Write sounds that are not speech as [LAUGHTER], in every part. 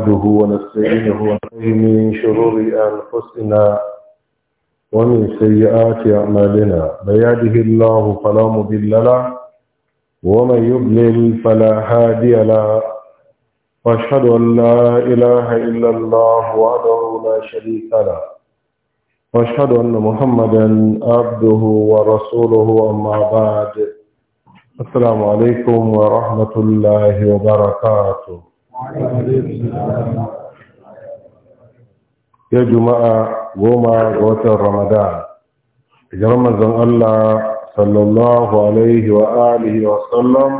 نحمده ونستعينه ونعوذ من شرور أنفسنا ومن سيئات أعمالنا من يهده الله فلا مضل له ومن يضلل فلا هادي له وأشهد أن لا إله إلا الله وحده لا شريك له وأشهد أن محمدا عبده ورسوله أما بعد السلام عليكم ورحمة الله وبركاته ya juma'a goma ga watan ramadan idan manzon Allah sallallahu alaihi wa alihi wa sallam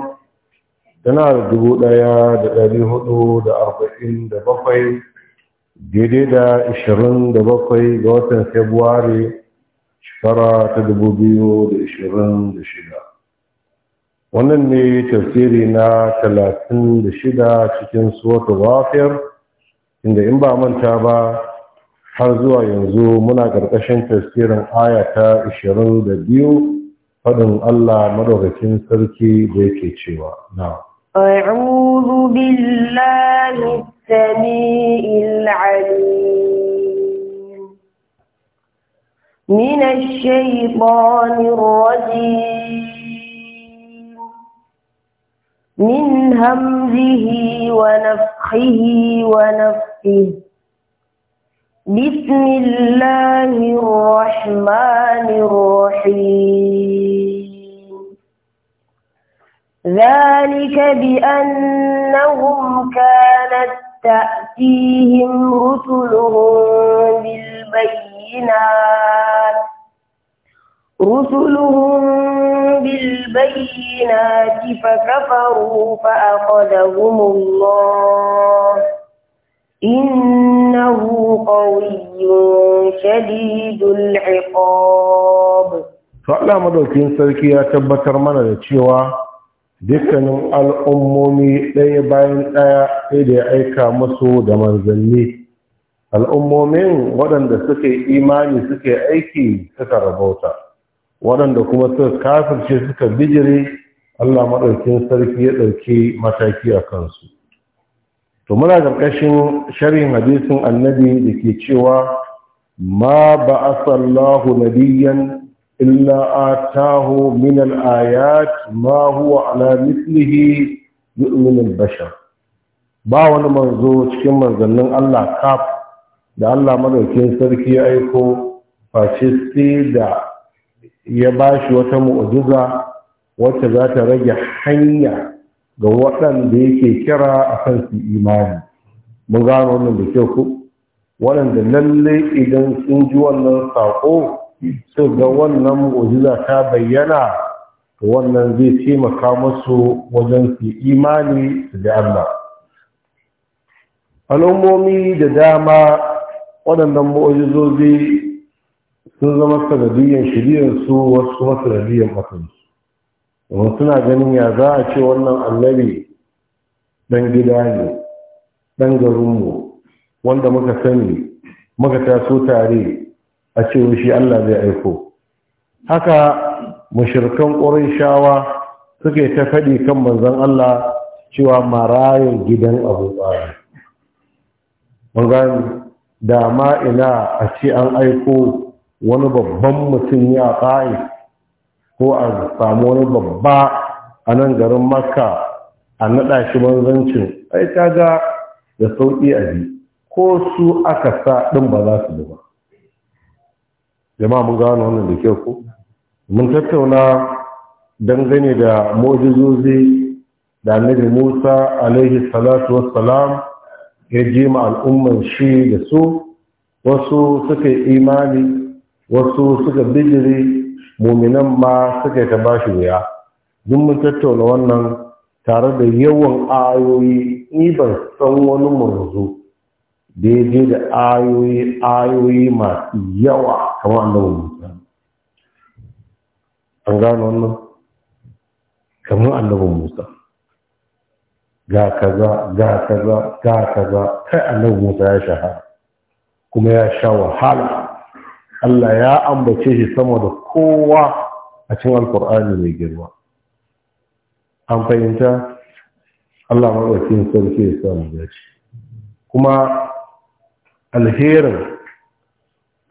tana da dubu ɗaya da dari hudu da arba'in da bakwai daidai da ishirin da bakwai ga watan februari shekara ta dubu biyu da ishirin da shida wannan ne tafsiri na talatin da shida cikin suratul ghafir inda in ba manta ba har zuwa yanzu muna ƙarƙashin tafsirin aya ta 22 faɗin Allah madaukakin sarki da yake cewa na أعوذ بالله السميع العليم من الشيطان الرجيم من همزه ونفخه ونفخه بسم الله الرحمن الرحيم ذلك بأنهم كانت تأتيهم رسلهم بالبينات رسلهم بالبينات فكفروا فأخذهم الله إنه قوي شديد العقاب Sarki ya سركي أتبتر da cewa dukkanin al'ummomi ɗaya bayan ɗaya sai da ya aika musu da manzanni al'ummomin waɗanda suke imani suke aiki suka rabauta waɗanda kuma suka kafirce suka bijire Allah maɗaukin sarki ya ɗauki mataki a kansu to muna ƙarƙashin sharhin hadisin annabi da ke cewa ma ba asallahu nabiyan illa atahu min al-ayat ma huwa ala mislihi yu'min bashar ba wani manzo cikin manzannin Allah kaf da Allah maɗaukin sarki ya aiko face da ya ba shi wata mu'ujiza wacce za ta rage hanya ga waɗanda yake kira a kan su imani mun gano wannan da kyau ku waɗanda lalle idan sun ji wannan saƙo su ga wannan mu'ujiza ta bayyana wannan zai taimaka musu wajen su imani su da Allah al'ummomi da dama waɗannan mu'ujizozi sun zama sanadiyyar shiriyar su wasu kuma sanadiyyar makansu domin suna ganin ya za a ce wannan annabi dan gida ne dan garinmu wanda muka sani muka taso tare a ce shi Allah zai aiko haka mushirkan shawa suke ta faɗi kan manzon Allah cewa marayin gidan abu tsara mun gani da ma ina a ce an aiko wani babban mutum ya tsaye ko a samu wani babba a nan garin maka a naɗa shi manzancin ai kaga da sauƙi a ji ko su aka sa ɗin ba za su ba jama'a mun gano wannan da kyau ko mun tattauna dangane da mojizozi da annabi musa alaihi salatu wassalam ya jima al'umman shi da su wasu suka yi imani wasu suka bijiri muminan ma suka ta ba shi wuya duk mun tattauna wannan tare da yawan ayoyi ni ban san wani manzo da ya je da ayoyi ayoyi masu yawa kamar wani Musa an gano wannan kamar annabi Musa ga kaza ga kaza ga kaza kai annabi Musa ya shahara kuma ya sha wahala Allah ya ambace shi sama da kowa a cikin alkur'ani mai girma an fahimta Allah maɗaukin sarki ya samu shi. kuma alherin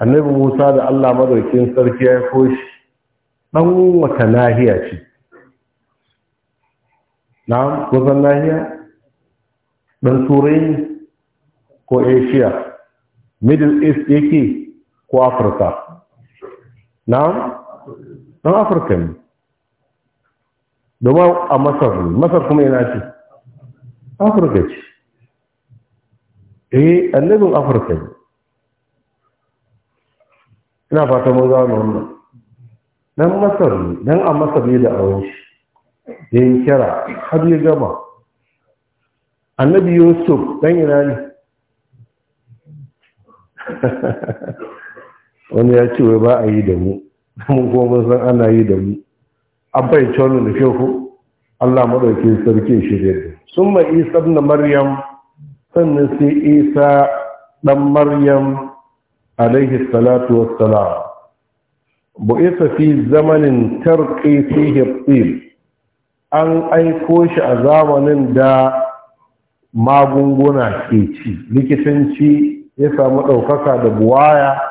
annabi Musa da Allah maɗaukin sarki ya shi ɗan wata nahiya ce na kusan nahiya ɗan turai ko asia middle east yake ko afirka na ɗan afirka ne domin a masar ne masar kuma yana ce afirka ce eh annabin afirka ne ina fata mun gano wannan Nan masar ne nan a masar ne da awon shi ya yi kira har ya gama annabi yusuf dan ina ne [LAUGHS] wani ya ce wai ba a yi da mu mun kuma mun san ana yi da mu an fahimci wani da kyau Allah madaukakin sarki shirye da sun ma isa na maryam sannan sai isa ɗan maryam alaihi salatu wassalam isa fi zamanin tarqi fihi at an aiko shi a zamanin da magunguna ke ci likitanci ya samu ɗaukaka da buwaya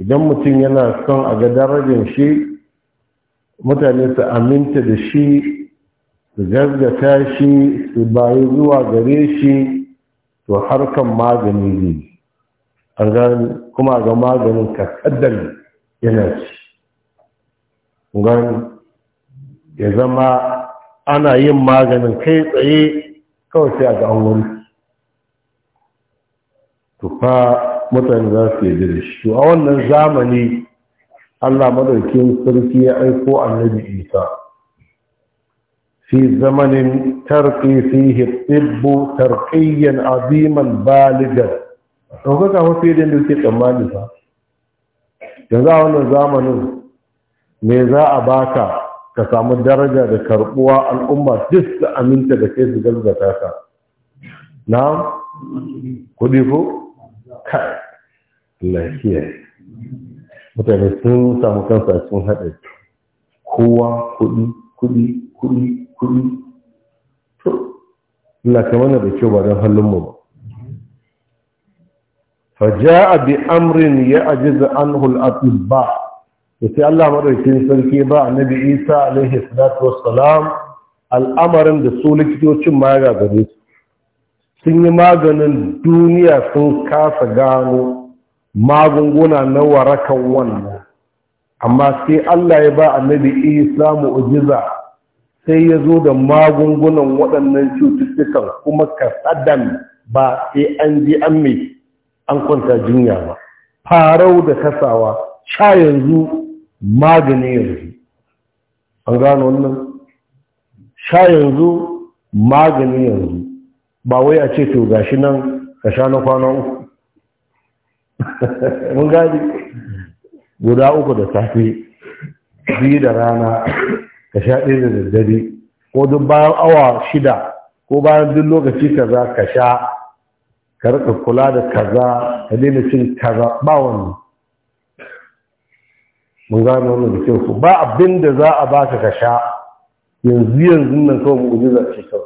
idan mutum yana son a ga darajar shi mutane su aminta da shi su gaggata shi su bayi zuwa gare shi to harkan magani ne kuma ga maganin ka kaddar yana ci ya zama ana yin maganin kai tsaye kawai sai a ga an wuri to mutane za su yi da shi a wannan zamani Allah madaukin sarki ya aiko annabi Isa fi zamanin tarqi fihi tibbu tarqiyan aziman baligan daukaka fa fiye da suke tsammani fa yanzu a wannan zamanin me za a baka ka samu daraja da karbuwa al'umma duk da aminta da kai su galgata ka na kudi ko kai lafiya mutane sun samu kansa sun haɗa kowa kuɗi kuɗi kuɗi kuɗi to Allah ka mana da kyau ba don hannun mu ba faja'a bi amrin ya ajiza anhu al-atibba sai Allah madaukakin sarki ba annabi Isa alaihi salatu wassalam al'amarin da su likitocin ma ya gagare su sun yi maganin duniya sun kasa gano magunguna na warakan wannan amma sai Allah ya ba annabi isa mu'jiza sai ya zo da magungunan waɗannan cututtukan kuma kasadan ba sai an ji an mai an kwanta jinya ba farau da kasawa sha yanzu magani yanzu an gano wannan sha yanzu magani yanzu ba wai a ce to gashi nan ka sha na kwana uku mun gadi guda uku da safe biyu da rana ka sha ɗaya da daddare ko duk bayan awa shida ko bayan duk lokaci kaza ka sha ka rika kula da kaza ka daina cin kaza ba wani. mun gano wannan da kyau ba abin da za a baka ka sha yanzu yanzu nan kawai mu'ujiza ce kawai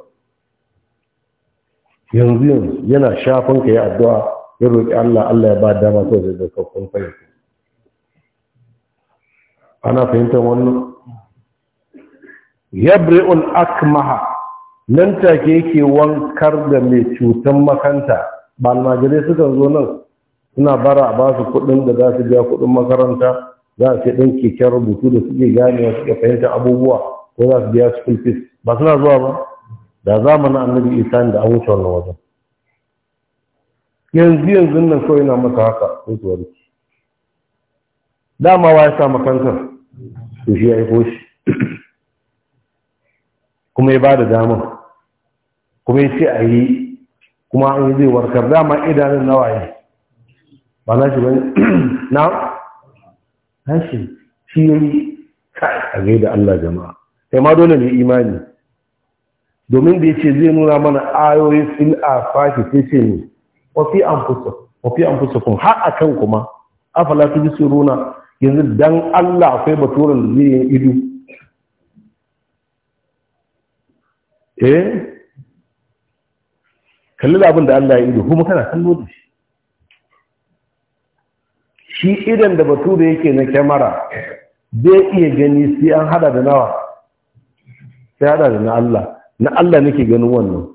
yanzu yanzu yana shafin ka yi addu'a ya roƙi Allah Allah ya ba dama ko zai zaka kun fahimta ana fahimtar wannan un akmaha nan take yake wankar da mai cutan makanta ba almajirai suka zo nan suna bara a basu kuɗin da za su biya kuɗin makaranta za su ɗan keken rubutu da suke ganewa suke fahimta abubuwa ko za su biya school fees ba suna zuwa ba da zamanin annabi isa da an wuce wannan wajen yanzu yanzu nan kawai na maka haka sai su warke dama wa ya sa makantar to shi ya yi shi [CLEARS THROAT] kuma ya ba da damar kuma ya ce a yi kuma an yi zai warkar dama idanun nawaye ba na shi bane [CLEARS THROAT] na hashi shi yi a gaida Allah jama'a sai ma dole ne imani domin da ya ce zai nuna mana ayoyi fil afaki sai ce ne wa an anfusikum wa fi anfusikum har akan kuma afala tubsiruna yanzu dan Allah akwai baturan da zai yi ido eh kalli labin da Allah ya ido kuma kana kallo da shi shi idan da Batura yake na kyamara zai iya gani sai an hada da nawa sai hada da na Allah na Allah nake ganin wannan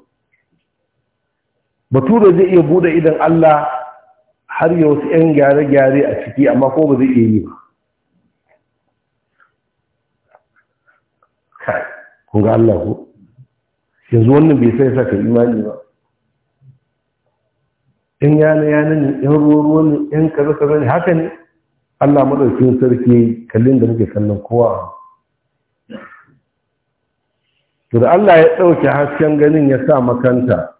bature zai iya bude idan Allah har yau wasu 'yan gyare-gyare a ciki amma ko ba zai iya yi ba kai kun ga Allah ko yanzu wannan bai sai saka imani ba in yana yana ne in ruwa ne in kaza kaza ne haka ne Allah madaukakin sarki kallin da muke kallon kowa to da Allah ya ɗauke hasken ganin ya sa makanta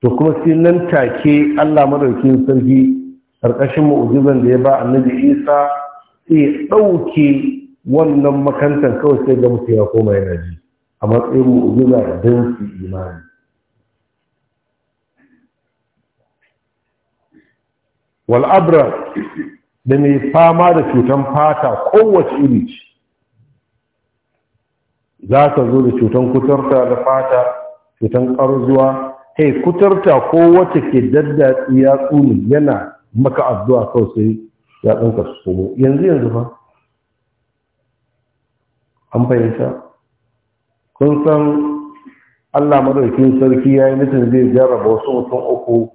to kuma sai nan take Allah madaukin sarki ƙarƙashin mu'ujizan da ya ba annabi Isa sai ya ɗauke wannan makantan kawai sai ga mutum ya koma yana ji a matsayin mu'ujiza don su imani wal'abra da mai fama da cutan fata kowace iri za ka zo da cutar kutarta da fata cutar ƙarzuwa hey kuturta ko wata ke daddatsi ya tsuni yana maka addu'a kawai sai ya ɗanka su komo yanzu yanzu ba an fahimta kun san allah madaukin sarki ya yi mutum zai jarraba wasu mutum uku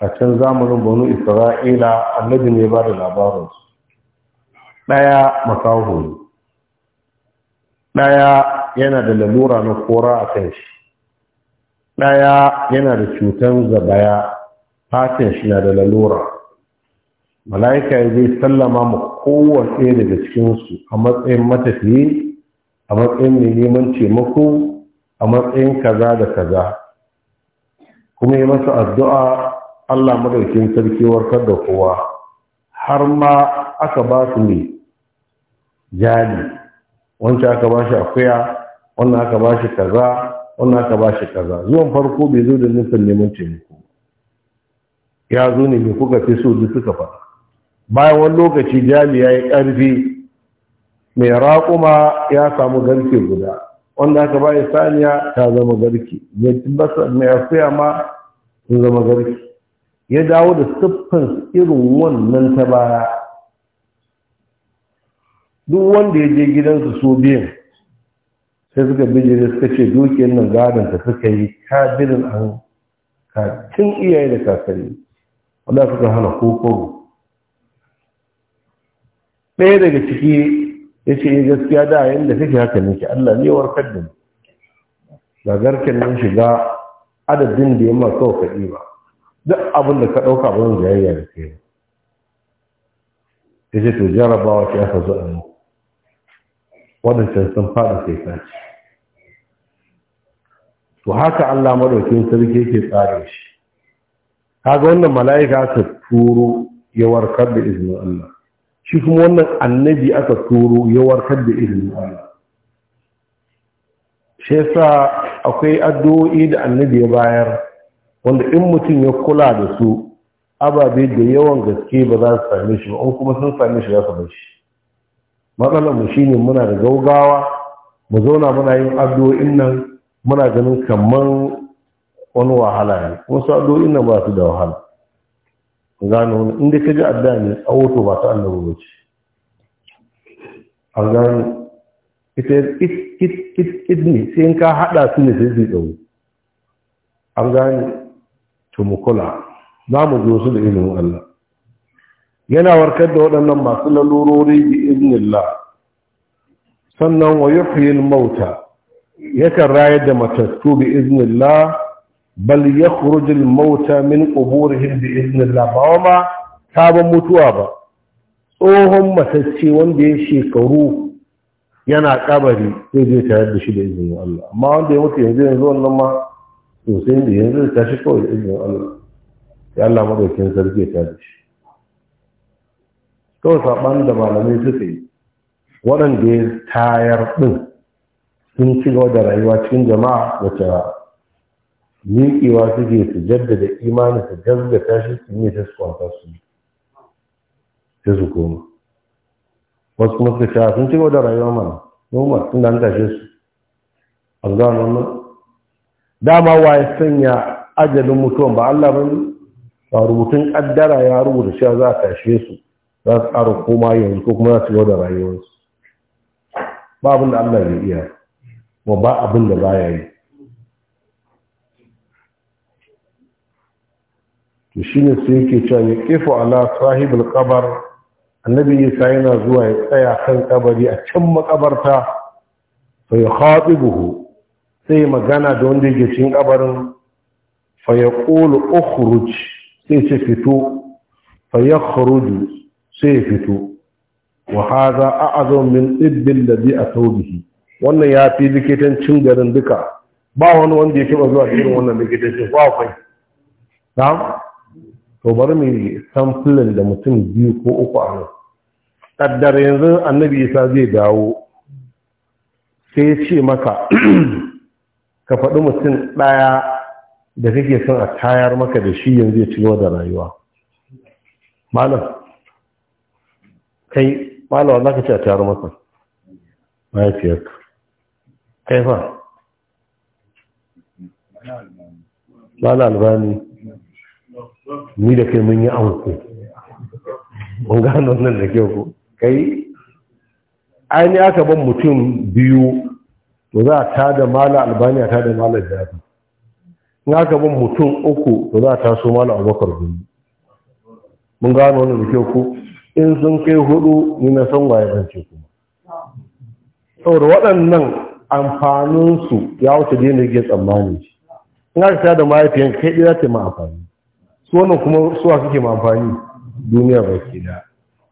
a can zamanin banu isra'ila annabi ne ba da labarinsu ɗaya makaho ne ɗaya yana da lalura na kora a kan shi ɗaya yana da cutan zabaya fatin shi na da lalura mala'ika ya zai sallama ma kowace daga cikinsu a matsayin matafiye a matsayin mai neman taimako a matsayin kaza da kaza kuma yi masa addu'a Allah madaukin sarki warkar da kowa har ma aka ba su ne jali wancan aka ba shi akuya wannan aka ba shi kaza wannan aka ba shi kaza zuwan farko bai zo da nufin neman taimako ya zo ne mai kuka fi so duk suka faɗa bayan wani lokaci jami ya yi ƙarfi mai raƙuma ya samu garke guda wanda aka ba saniya ta zama garke mai akuya ma sun zama garke ya dawo da siffin irin wannan ta baya duk wanda ya je gidansu su biyan sai suka da suka ce dukiyar nan gadon ta suka yi kabirin an kacin iyaye da kakari, wanda suka hana kokoro ɗaya daga ciki ya ce eh, gaskiya da yayin da kake haka nake Allah ne warkar da ni nan shiga adadin da ya ma kaɗi ba duk abin da ka ɗauka ba zan jayayya da kai ya ce to jarabawa ce aka zo a muku waɗancan sun faɗa sai sace to haka Allah madaukin sarki yake tsare shi kaga wannan mala'ika aka turo ya warkar da izinin Allah shi kuma wannan annabi aka turo ya warkar da izinin Allah shi yasa akwai addu'o'i da annabi ya bayar wanda in mutum ya kula da su ababe da yawan gaske ba za su same shi ba in kuma sun same shi za su bar shi matsalar mu shine muna da gaugawa mu zauna muna yin addu'o'in nan muna ganin kamar wani wahala ne wasu addu'o'in nan ba su da wahala gano inda ka ji adda ne tsawoto ba ta annabi ba ce A gano ita it ne sai in ka haɗa su ne sai su ɗau an gane to mu kula za mu zo wasu da ilimin Allah yana warkar da waɗannan masu lalurori bi iznillah sannan wa al mauta yakan rayar da matattu bi iznillah bal yakhruj al mauta min quburihim bi iznillah ba ma sabon mutuwa ba tsohon matacce wanda ya shekaru yana kabari zai je tare da shi da izinin Allah amma wanda ya mutu yanzu yanzu wannan ma sosai da yanzu ta tashi kawai da izinin Allah ya Allah madaukakin sarki ya tashi kawai saɓanin da malamai suka yi waɗanda ya tayar ɗin sun ci gaba da rayuwa cikin jama'a wacce miƙewa suke su jaddada imanin su gaskata shi su ne ta su kwanta su ta su koma wasu kuma suka sha sun ci gaba da rayuwa mana noma sun da an tashe su a zanen nan dama waye sanya ajalin mutuwan ba Allah ba ne ba rubutun kaddara ya rubuta cewa za a tashe su za su ƙara koma yanzu ko kuma za su da rayuwarsu ba abin da Allah zai iya ma ba abin da ba ya yi to shi ne sai yake cewa ya kefa, ala sahibul kabar annabi isa yana zuwa ya tsaya kan kabari a can makabarta fa ya buhu sai magana da wanda yake cin kabarin fa ya ƙulu ukhruj sai ce fito fa ya sai ya fito wa haza a'azam min ibbil ladhi ataw bihi wannan ya fi likitancin garin duka ba wani wanda ya taba zuwa cikin wannan likitancin ba kai na'am to bari mu samfulin da mutum biyu ko uku a nan kaddar yanzu annabi isa zai dawo sai ya ce maka [CLEARS THROAT] ka faɗi mutum ɗaya da kake son a tayar maka da shi yanzu ya ci gaba da rayuwa malam kai malawa za ka ce a tayar masa mahaifiyarka kai fa lala albani ni da kai mun yi anko mun gano nan da ke ku kai ainihin aka ban mutum biyu to za a tada mala albani a tada mala jafi in aka ban mutum uku to za a taso mala abokar gumi mun gano nan da ke ku in sun kai hudu ni na san waye zance kuma saboda waɗannan amfaninsu ya wuce da yadda ke tsammani shi in aka ta da mahaifiyan kai ɗaya ta ma amfani su wannan kuma suwa suke ma amfani duniya ba ke da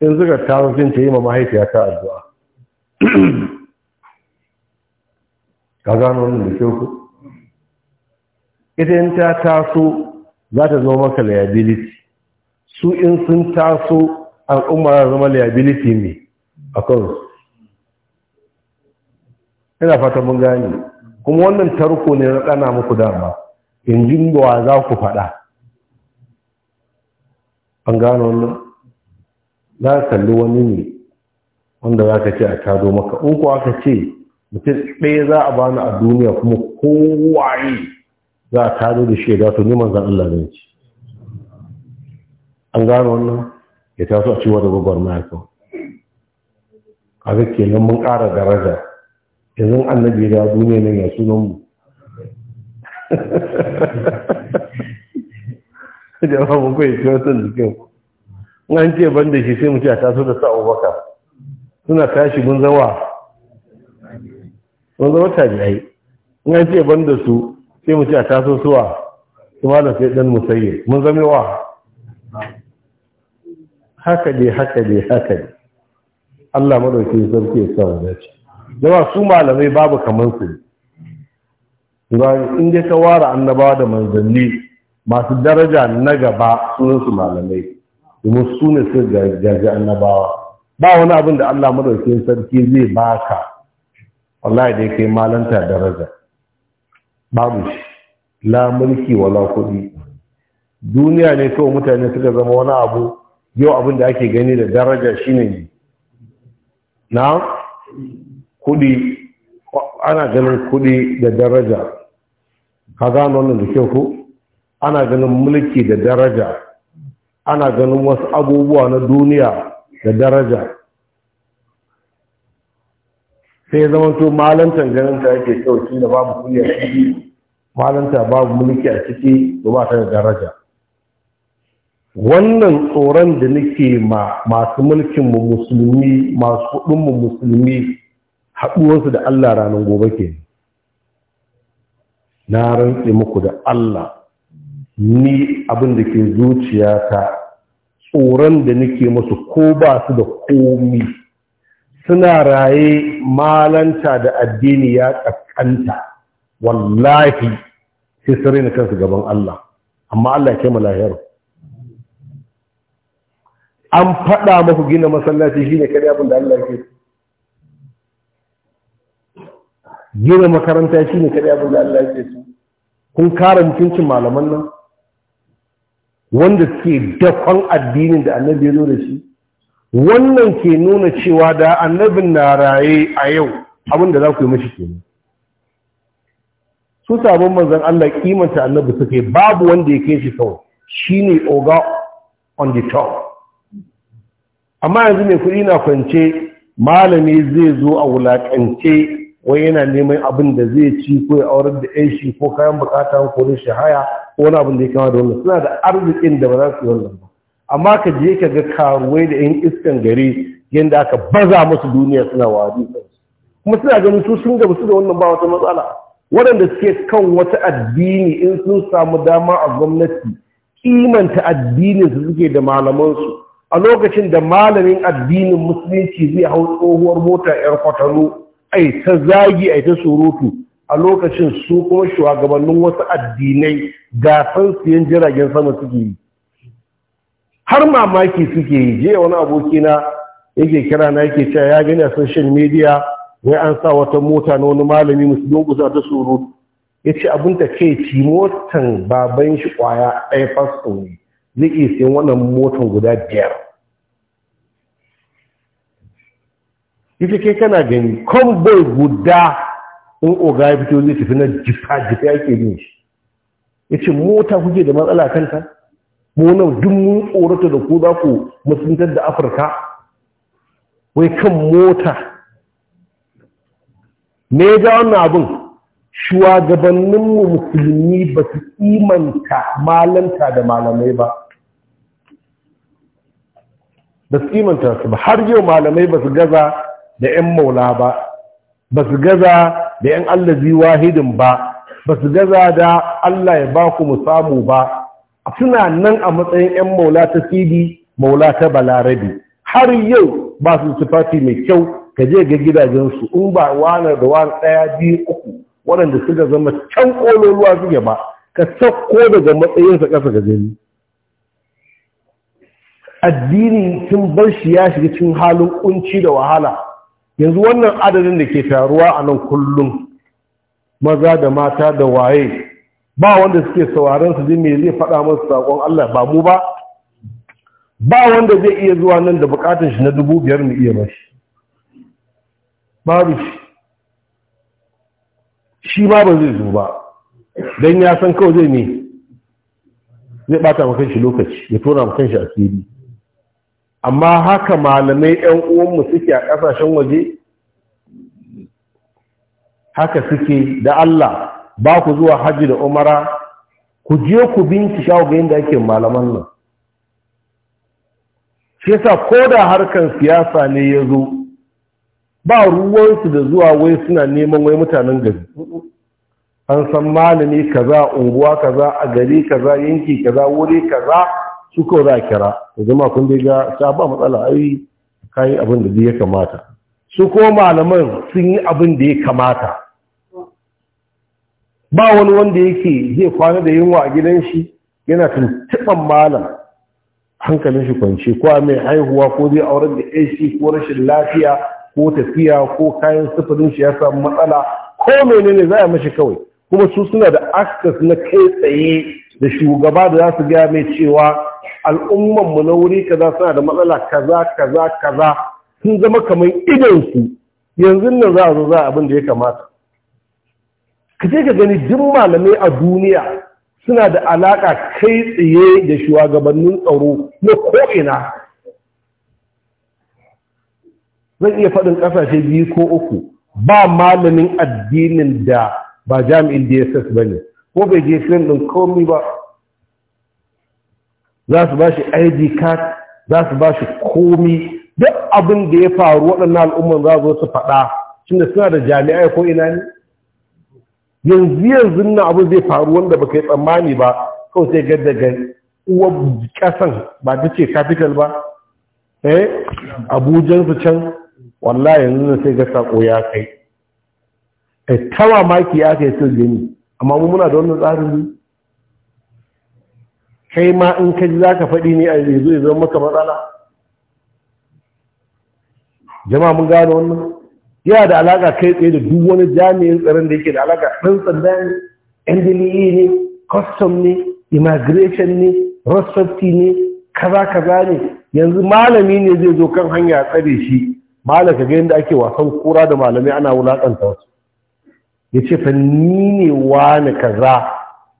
in suka taso sun ta yi ma mahaifiya ta addu'a ka gano wannan da kyau ku ita in ta taso za ta zama maka liability su in sun taso al'umma za zama liability ne a kansu ina fata mun gane kuma wannan tarko ne na tsana muku dama yanzu wa za ku faɗa an gano wannan za ka kalli wani ne wanda za ka ce a tado maka in ku aka ce mutum ɗaya za a bani a duniya kuma kowaye za a tado da shaida to ni manzan Allah zan ci an gano wannan ya taso a cewa da gwagwarmaya kawai ke nan mun ƙara daraja yanzu annabi ya duniya nan ya sunan mu [LAUGHS] jama'a mun kai ce wata jikin an ce ban da shi sai mu ce a taso da sa abubakar suna tashi mun zawa mun zama tabi'ai in an ce ban da su sai mu ce a taso suwa su ma da sai dan musayi mun zame wa haka dai haka dai haka dai Allah madauki sarki ya samu dace jama'a su malamai babu kaman su in dai ka ware annabawa da manzanni masu daraja na gaba sunan su malamai domin su ne su gaji annabawa ba wani abin da Allah madauki sarki zai baka wallahi dai kai malanta daraja babu shi la mulki wala kuɗi duniya ne kawai mutane suka zama wani abu yau abin da ake gani da daraja shine na kudi ana ganin kudi da daraja ka gano wannan da kyau ku ana ganin mulki da daraja ana ganin wasu abubuwa na duniya da daraja sai ya zama to malantar ganinta yake kyau shi da babu kuliya ciki malanta babu mulki a ciki ba ta da daraja wannan tsoron da nake ma masu mulkin mu musulmi masu mu musulmi haɗuwarsu da Allah ranar gobe ke na rantse muku da Allah ni abin da ke zuciyata tsoron da nake musu ko ba su da komi suna raye malanta da addini ya tsakanta wallahi sai sarai na kansu gaban Allah amma Allah ya kai mu an faɗa maku gina masallaci shine kare abin da Allah ke gina makaranta shine kare abin da Allah ke su kun kare mutuncin malaman nan wanda ke dakon addinin da annabi ya zo shi wannan ke nuna cewa da annabin na raye a yau abin da za ku yi mashi kenan su sabon manzan Allah kimanta annabi suke babu wanda ya ke shi kawai shine oga on the top amma yanzu mai kuɗi na kwance malami zai zo a wulaƙance wai yana neman abin da zai ci ko ya aurar da ɗan shi ko kayan bukata ko na shahaya ko wani abin da ya kama da wannan suna da arzikin da ba za su yi wannan ba amma ka je ka ga karuwai da yan iskan gari yadda aka baza musu duniya suna wari kuma suna ganin su sun gamsu da wannan ba wata matsala waɗanda suke kan wata addini in sun samu dama a gwamnati kimanta addinin su suke da malamansu a lokacin da malamin addinin musulunci zai hau tsohuwar mota 'yar kwatano ai ta zagi ai ta surutu a lokacin su kuma shugabannin wasu addinai gasan siyan jiragen sama suke yi har mamaki suke yi je wani abokina yake kira na yake cewa ya gani a social media wai an sa wata mota na wani malami musulun kusa ta surutu ya ce abin ta ke ci motan baban shi kwaya ɗaya fasto ne zai iya siyan wannan motar guda biyar ita ke kana gani convoy guda in oga ya fito zai tafi na jifa-jifa yake yin shi ya ce mota kuke da matsala kanta nan duk mun tsorata da ku za ku musuntar da afirka wai kan mota me ga wannan abin shugabanninmu musulmi ba su imanta malanta da malamai ba ba su imanta su ba har yau malamai ba su gaza da 'yan maula ba ba su gaza da 'yan allazi wahidin ba ba su gaza da allah ya ba ku mu samu ba suna nan a matsayin 'yan maula ta sidi maula ta balarabe har yau ba su tufafi mai kyau ka je ga gidajensu in ba wani da wani ɗaya biyu uku waɗanda suka zama can ƙololuwa suke ba ka sauko daga matsayinsa ƙasa ga gani addini sun bar shi ya shiga cikin halin kunci da wahala yanzu wannan adadin da ke taruwa a nan kullum maza da mata da waye ba wanda suke sauraron su ji me zai faɗa musu sakon Allah ba mu ba ba wanda zai iya zuwa nan da bukatun shi na dubu biyar mu iya bashi babu shi shi ma ba zai zo ba Dan ya san kawai zai ne zai bata makan shi lokaci ya tona makan shi asiri amma haka malamai yan uwanmu suke a ƙasashen waje haka suke da Allah ba ku zuwa hajji da umara ku je ku bincika ga yadda ake malaman nan shi yasa ko da harkan siyasa ne ya zo ba ruwansu da zuwa wai suna neman wai mutanen gari an san malami kaza unguwa kaza a gari kaza yanki kaza wuri kaza su ko za a kira da zama kun dai ga ta ba matsala yi kayi abin da ya kamata su ko malaman sun yi abin da ya kamata ba wani wanda yake zai kwana da yunwa a gidan shi yana tuntuɓan malam hankalin shi kwanci ko mai haihuwa ko zai auren da shi, ko rashin lafiya ko tafiya ko kayan sufurin shi ya samu matsala ko menene za a mashi kawai kuma su suna da access na kai tsaye da shugaba da za su gaya mai cewa al'umman mu na wuri kaza suna da matsala kaza kaza kaza sun zama kamar idonsu su yanzu nan za a zo za abin da ya kamata ka je ka gani duk malamai a duniya suna da alaƙa kai tsaye da shugabannin tsaro na ko'ina zan iya faɗin ƙasashe biyu ko uku ba malamin addinin da ba jami'in dss ba ne ko bai je ɗin komi ba za su ba shi id card za su ba shi komi duk abin da ya faru waɗannan al'umman za zo su faɗa tun suna da jami'ai ko ina ne yanzu yanzu na abu zai faru wanda baka yi tsammani ba kawai sai ga daga uwa ƙasan ba ta ce capital ba eh abujan su can wallahi yanzu sai ga sako ya kai eh tawa maki ya kai sun gani amma mu muna da wannan tsarin kai ma in ka ji za ka faɗi ne a yanzu ya zama maka matsala jama'a mun gano wannan yana da alaƙa kai tsaye da duk wani jami'in tsaron da yake da alaƙa ɗan tsanda ne ndle ne custom ne immigration ne rosafti ne kaza kaza ne yanzu malami ne zai zo kan hanya tsare shi Malam ga yadda ake wasan kura da malamai ana wulaƙanta wasu ya ce fa ni ne wani kaza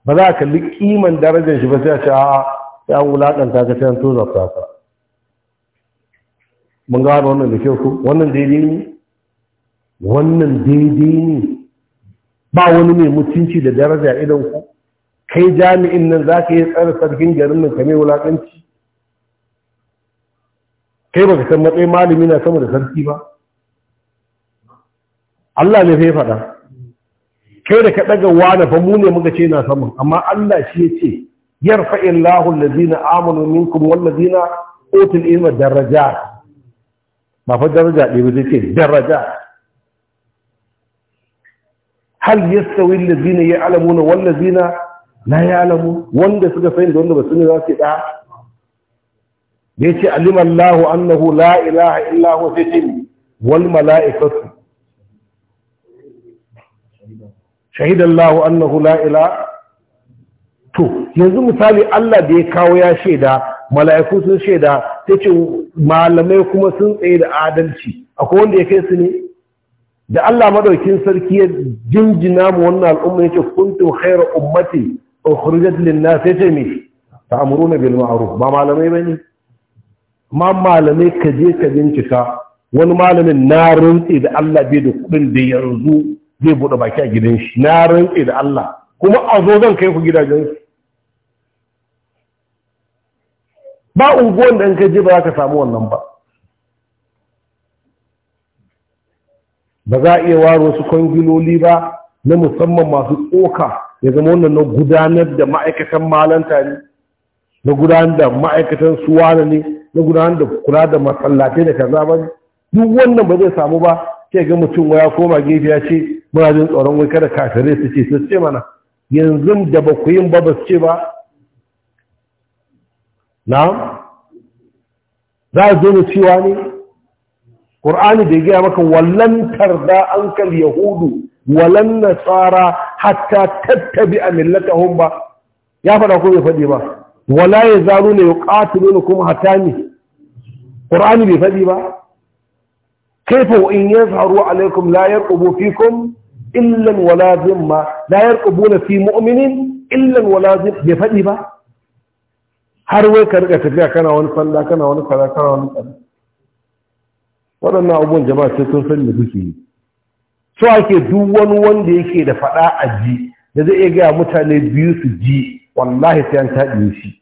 ba za a kalli kiman darajar shi ba sai a ce a ya wulaƙanta ka sai an toza ka mun gano wannan da kyau ko wannan daidai ne wannan daidai ne ba wani mai mutunci da daraja idan ku kai jami'in nan za ka yi tsara sarkin garin nan mai wulaƙanci kai ba ka san matsayin malami na sama da sarki ba Allah ne zai faɗa kai da ka daga wani fa mu ne muka ce na saman amma Allah shi ya ce yarfa'in lahun lazina amanu minkum wallazina otul ilma daraja ba fa daraja ne ba zai ce daraja hal yastawi allazina ya'lamuna wallazina la ya'lamu wanda suka sani da wanda ba su ne za su da da yace alimallahu annahu la ilaha illa huwa sai ce wal mala'ikatu shahidallahu annahu la ilaha to yanzu misali Allah da ya kawo ya shaida mala'iku sun shaida ta malamai kuma sun tsaye da adalci akwai wanda ya kai su ne da Allah madaukin sarki ya jinjina mu wannan al'umma yace kuntum khayra ummati ukhrijat lin-nas yace me ta'muruna bil ma'ruf ba malamai bane ma malamai ka je ka bincika wani malamin na rantsi da Allah bai da kudin da yanzu zai buɗe baki a gidan shi na rantse da Allah kuma a zo zan kai ku gidajensu ba unguwan da ka je ba za ka samu wannan ba ba za a iya ware wasu kwangiloli ba na musamman masu tsoka ya zama wannan na gudanar da ma'aikatan malanta ne na gudanar da ma'aikatan suwana ne na gudanar da kula da masallatai da kaza ba duk wannan ba zai samu ba sai ga mutum waya koma gefe ya ce muna jin tsoron wai kada kafirai su ce su ce mana yanzu da ba ku yin ba ba su ce ba na'am za a zo cewa ne ƙur'ani da ya gaya maka walantar da kan yahudu walan tsara, hatta tattabi a hun ba ya faɗa ko bai faɗi ba wala ya zaru ne ya ƙatilo ne kuma hata ne ƙur'ani bai faɗi ba kaifa in ya faru alaikum layar yarqubu fikum illan wala zimma la yarqubuna fi mu'minin illan wala zimma bai faɗi ba har wai ka rika tafiya kana wani sanda kana wani kaza kana wani kaza waɗannan abubuwan jama'a sai sun sani da suke yi so ake duk wani wanda yake da faɗa a ji da zai iya gaya mutane biyu su ji wallahi sai an taɗi shi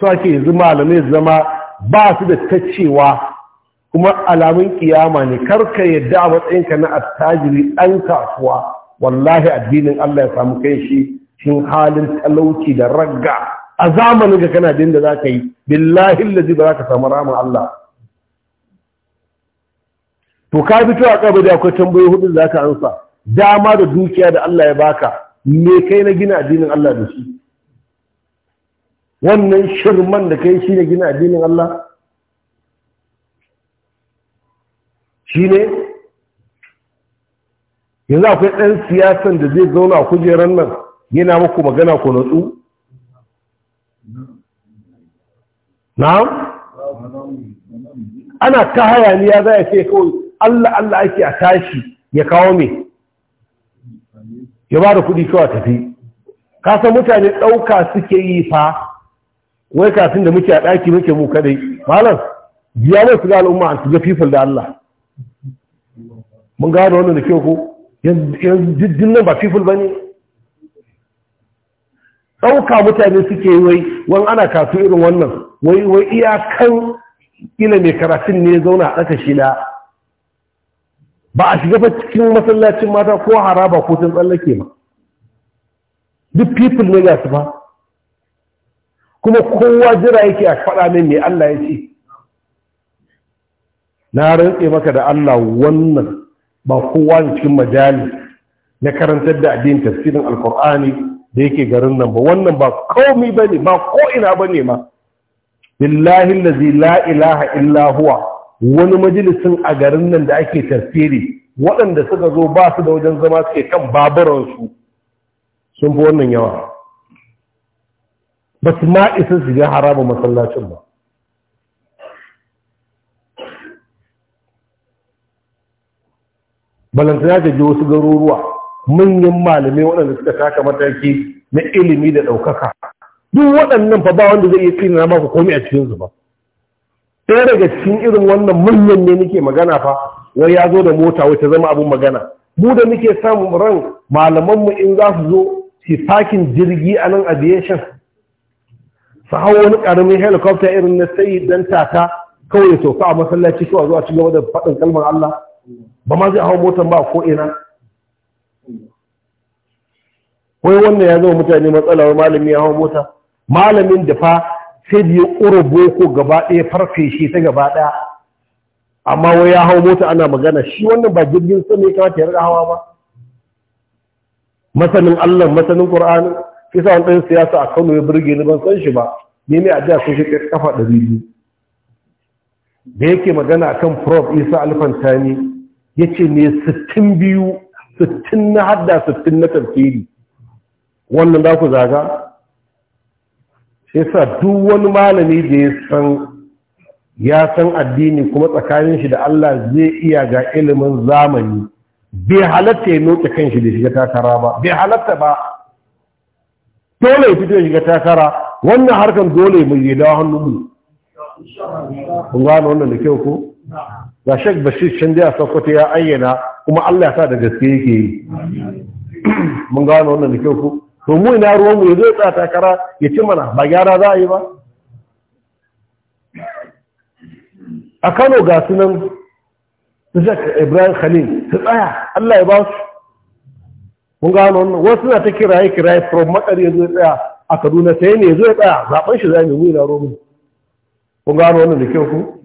so ake yanzu malamai zama ba su da tacewa kuma alamun kiyama ne karka yadda a matsayinka na attajiri ɗan kasuwa wallahi addinin Allah ya samu kai shi cin halin talauci da ragga a zamanin ga kana dinda da za ka yi billahi lalzi ba za ka samu ramin Allah to ka fito a da akwai tambayi hudu za ka ansa dama da dukiya da Allah ya baka me kai na gina addinin Allah da shi wannan shirman da kai shi na gina addinin Allah shi ne yanzu akwai ɗan siyasan da zai zauna a kujerar nan yana muku magana ku natsu na'am ana ta hayaniya za a ce kawai allah allah ake a tashi ya kawo mai ya ba da kuɗi kawai tafi kasan mutane ɗauka suke yi fa wai kafin da muke a ɗaki muke mu kadai malam biya mai su ga al'umma su ga fifil da allah mun gano wannan da kyau ko yanzu dinnan ba people ba ne ɗauka mutane suke wai wani ana kasu irin wannan wai wai iyakan ila mai karatun ne zauna a ɗaka shi ba a shiga ba cikin masallacin mata ko haraba ko sun tsallake ba duk people ne ga su ba kuma kowa jira yake a faɗa min mai Allah ya ce na rantse maka da Allah wannan ba kowa ne cikin majali na karantar da addinin tafsirin alkur'ani da yake garin nan ba wannan ba komai bane ba ko ina bane ma billahi allazi la ilaha illa huwa wani majalisin a garin nan da ake tafsiri waɗanda suka zo ba su da wajen zama suke kan baburansu sun fi wannan yawa ba su ma isa su ga masallacin ba balantana ta ji wasu garuruwa manyan malamai waɗanda suka taka mataki na ilimi da ɗaukaka duk waɗannan fa ba wanda zai iya tsina ma ku komai a cikinsu ba ɗaya daga cikin irin wannan manyan ne nake magana fa wai ya zo da mota wai ta zama abin magana mu da muke samun ran malaman mu in za su zo su fakin jirgi a nan aviation su hau wani ƙaramin helicopter irin na sayi dan tata kawai sauka a masallaci kawai zuwa ci gaba da faɗin kalmar Allah ba ma zai hau motar ba ko ina wai wannan ya zama mutane matsala wa malami ya hau mota malamin da fa sai da ya ƙura boko gaba ɗaya farfe shi ta gaba ɗaya amma wai ya hau mota ana magana shi wannan ba jirgin sama ya kamata ya riga hawa ba masanin Allah masanin Qur'ani sai sa ɗan siyasa a Kano ya burge ni ban san shi ba ni ne a da sun shi kafa 200 da yake magana akan Prof Isa Alfantani ya ce ne sittin biyu sittin na hadda sittin na tafsiri wannan za ku zaga shi sa duk wani malami da ya san ya san addini kuma tsakanin shi da Allah zai iya ga ilimin zamani bai halatta ya noke kan shi da shiga takara ba bai halatta ba dole fito ya shiga takara wannan harkar dole mai yi hannu hannu mu kun gano wannan da kyau ko ga shek bashir can da ya ta ya ayyana kuma allah ya sa da gaske yake yi [CLEARS THROAT] mun gano wannan da kyau ku to mu ina ruwanmu ya tsaya takara ya ci mana ba gyara za a yi ba a kano ga sunan Zak ibrahim khalil su tsaya allah ya ba su mun gano wannan wasu na ta kiraye kiraye from yanzu ya zo tsaya a kaduna sai ne ya zo tsaya zaben shi za mu yi ruwan mu mun gano wannan da kyau ku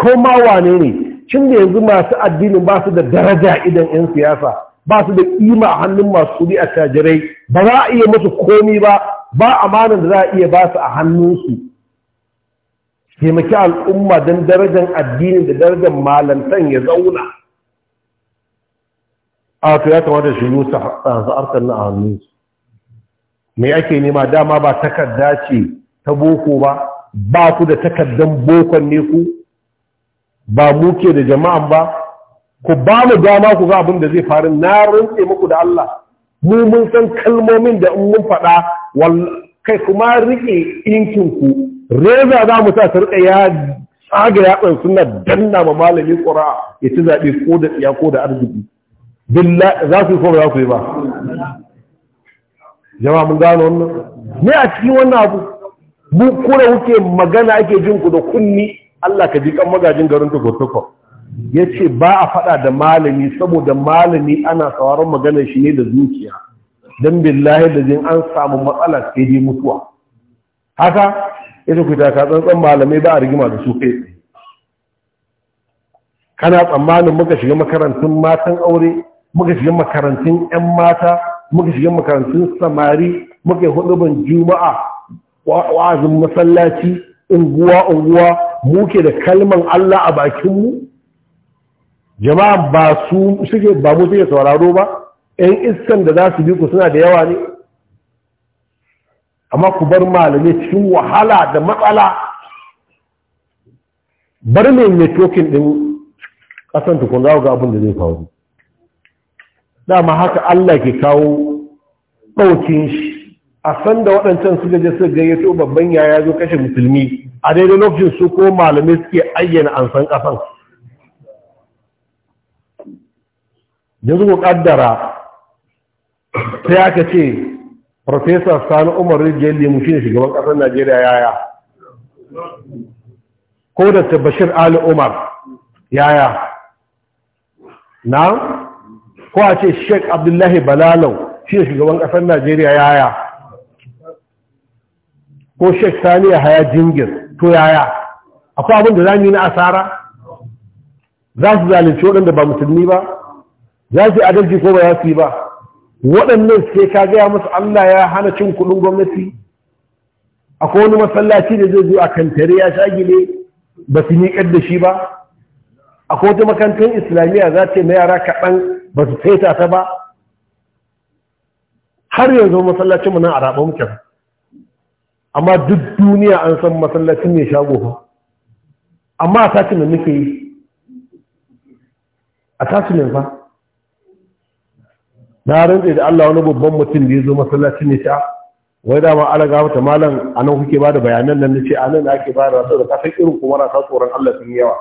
Koma ma wane ne cin da yanzu masu addinin ba su da daraja idan 'yan siyasa ba su da ƙima a hannun masu kuɗi a tajirai ba za a iya musu komi ba ba amanar da za a iya ba su a hannunsu taimaki al'umma don darajar addinin da darajar malantan ya zauna a wato ya kamata shi yi sa'artar na hannunsu mai ake nema dama ba takarda ce ta boko ba ba ku da takardan bokon ne ku ba mu ke da jama'an ba ku ba mu dama ku ga abin da zai faru na rantse muku da Allah mu mun san kalmomin da in mun faɗa kai kuma rike inkin ku reza za mu sa sarƙa ya tsaga yatsan suna danna ma malamin ƙura ya ci zaɓe ko da tsiya ko da arziki za su yi ko za su yi ba jama'a mun gano wannan ne a cikin wannan abu mu kura kuke magana ake jin ku da kunni Allah ka ji kan magajin garin tukurtukun ya ce ba a faɗa da malami saboda malami ana sauran maganar shi ne da zuciya don billahi da jin an samu matsala sai dai mutuwa haka ya ku ka tsantsan malamai ba a rigima da su kai tsaye kana tsammanin muka shiga makarantun matan aure muka shiga makarantun 'yan mata muka shiga makarantun samari muka yi huduban juma'a wa'azin masallaci unguwa unguwa muke da kalman Allah a bakin mu jama'a ba su suke ba mu suke sauraro ba ‘yan iskan da za su bi ku suna da yawa ne amma ku bar malamai cikin wahala da matsala bar mai tokin ɗin ƙasan tukun za ga abin da zai faru dama haka Allah ke kawo ɗaukin shi a sanda waɗancan suka je suka gayyato babban yaya zo kashe musulmi a daidai lokacin su ko malamai suke ayyana an san kasan yanzu ku kaddara sai aka ce Profesa Sani Umar Rijiyar limu shi ne shugaban kasar Najeriya yaya. Ko da ta Bashir Ali Umar yaya. Na? Ko a ce Sheikh Abdullahi Balalau shi ne shugaban kasar Najeriya yaya. Ko Sheikh Sani Yahaya Jingir to yaya akwai abin da za mu yi na asara za su zalunci waɗanda ba musulmi ba za su yi adalci ko ba za su yi ba waɗannan sai ka gaya musu Allah ya hana cin kuɗin gwamnati akwai wani masallaci da zai zo a kantare ya shagile ba su miƙar da shi ba akwai wata makarantar islamiyya za ta yi na yara kaɗan ba su saita ta ba har yanzu masallacinmu nan a raɓa muke ba amma duk duniya an san masallacin mai shago fa amma a satin da muke yi a satin fa na rantse da Allah wani babban mutum da ya zo masallacin ne sha ah, wai dama ala ga malam a nan kuke ba da bayanan nan na ce a nan ake ba da rasu da kasan irin kuma rasa tsoron Allah sun yawa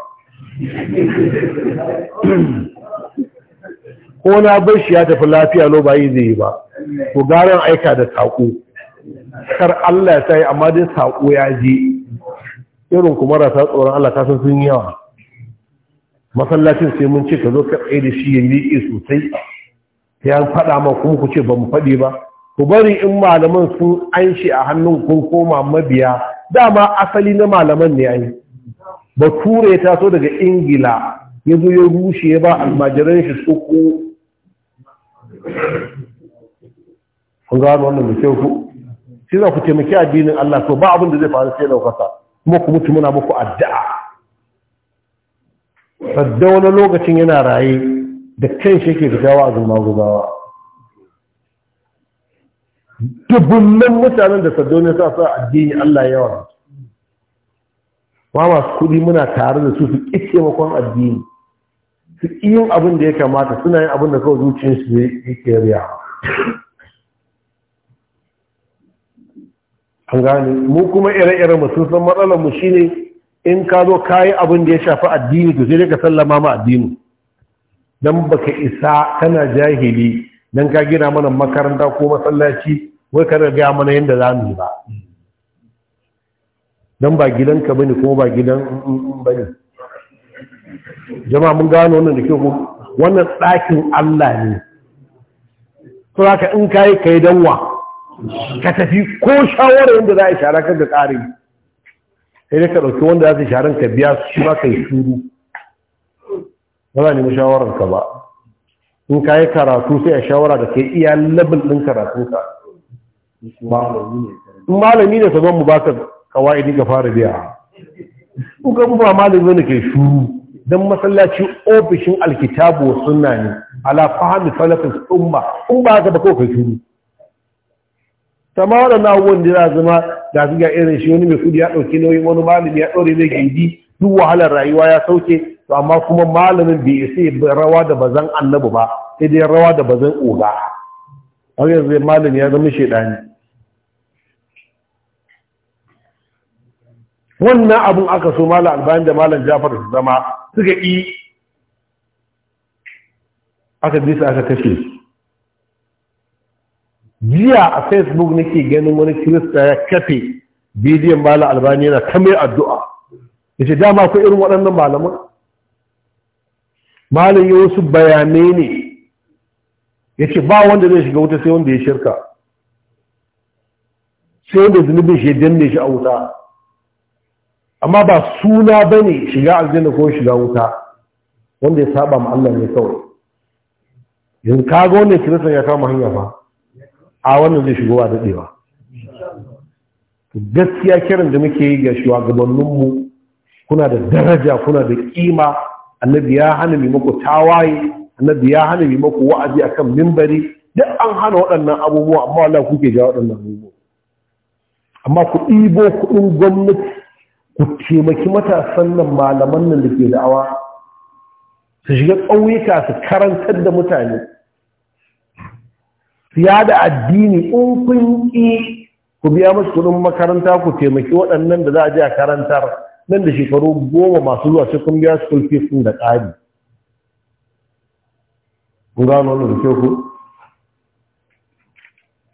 ko na bar shi ya tafi lafiya lo ba yi zai yi ba ku garan aika da saƙo kar Allah ya sai amma dai sako ya je irin kuma rasa tsoron Allah ta san sun yawa masallacin sai mun ce ka zo ka tsaye da shi ya liƙe sosai sai faɗa ma kuma ku ce ba mu faɗi ba ku bari in malaman sun anshi a hannun kun koma mabiya dama asali na malaman ne ai ba ture ta so daga ingila ya zo ya rushe ya ba almajiran shi tsoko kun gano wannan da kyau ku sai za ku taimaki addinin Allah to ba abin da zai faru sai laukasa kuma ku mutu muna muku addu'a sadda wani lokacin yana raye da kan shi yake gudawa a zuma gudawa dubunan mutanen da sadda wani sa addini Allah yawa ma masu kuɗi muna tare da su su ƙi taimakon addini su yin abin da ya kamata suna yin abin da kawai zuciyarsu yake riya an gane mu kuma ire ire masu sun san matsalar mu shine in ka zo kayi abin da ya shafi addini to sai dai ka sallama ma addini dan baka isa kana jahili dan ka gina mana makaranta ko masallaci wai ka ga mana yanda zamu yi ba dan ba gidanka bane kuma ba gidan bane jama'a mun gano wannan da ke wannan ɗakin Allah ne to haka in kai kai danwa ka tafi ko shawarar yadda za a shara kan da tsari sai dai ka ɗauki wanda za su sharan ka biya su shi ma ka yi shuru ba za a nemi shawarar ka ba in ka yi karatu sai a shawara da yi iya labin ɗin karatun ka in malami ne sabon mu ba ka kawai ka fara biya in ka ba malami ne ke shuru don masallaci ofishin alkitabu wa ne ala fahimi falafin umma in ba ka ba kawai ka shuru sama waɗanda abubuwan da za zama da su ga irin shi wani mai kudi ya ɗauki nauyin wani malami ya ɗaure mai gindi duk wahalar rayuwa ya sauke to amma kuma malamin bai isa rawa da bazan annabi ba sai dai rawa da bazan oga har yanzu malami ya zama shaidani wannan abin aka so malam albani da malam jafar su zama suka yi aka bisa aka kashe su jiya a facebook nake ganin wani kirista ya kafe bidiyon mala albani yana ta addu'a ya ce dama ko irin waɗannan malaman malin yi wasu bayanai ne ya ce ba wanda zai shiga wuta sai wanda ya shirka sai wanda zunubin shi ya danne shi a wuta amma ba suna ba ne shiga aljanna ko shiga wuta wanda ya saba ma'allar Allah ne kawai yanzu kaga wanda kirista ya kama hanya ba a wannan zai shigowa ba daɗewa gaskiya kiran da muke yi ga shugabanninmu kuna da daraja kuna da ƙima. annabi ya hana mai tawaye annabi ya hana mai wa'azi akan mimbari duk an hana waɗannan abubuwa amma wallahi kuke ja waɗannan abubuwa amma ku ɗibo kuɗin gwamnati ku taimaki matasan nan malaman nan da ke da'awa su shiga ƙauyuka su karantar da mutane Siya da addini in kun ƙi ku biya musu kuɗin makaranta ku taimaki waɗannan da za a je a karantar nan da shekaru goma masu zuwa sai kun biya school fees da ƙari kun gano wannan da ke ku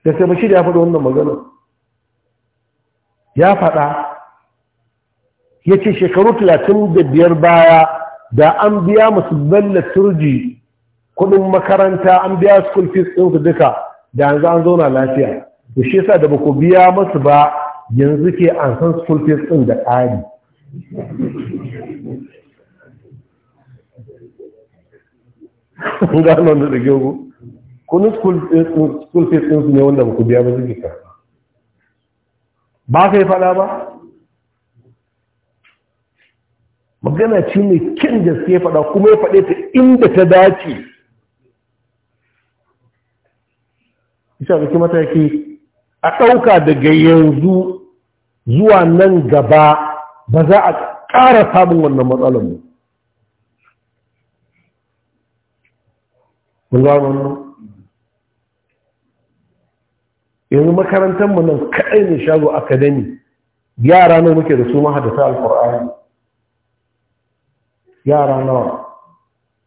da sai da ya faɗi wannan magana ya faɗa ya ce shekaru talatin da biyar baya da an biya musu balla turji kuɗin makaranta an biya school fees ɗinsu duka da yanzu an zauna lafiya to shi yasa da bako biya masu ba yanzu ke an san school fees din da ƙari kun gano da da gyogo kunu school fees din su ne wanda bako biya masu ke karɓa ba ka yi fada ba magana ce mai kyan ya faɗa kuma ya faɗe ta inda ta dace isa ɗauki mataki a ɗauka daga yanzu zuwa nan gaba ba za a ƙara samun wannan matsalar mu yanzu makarantar mu nan kaɗai ne shago akadami yara nawa muke da su mahadata alkur'ani yara nawa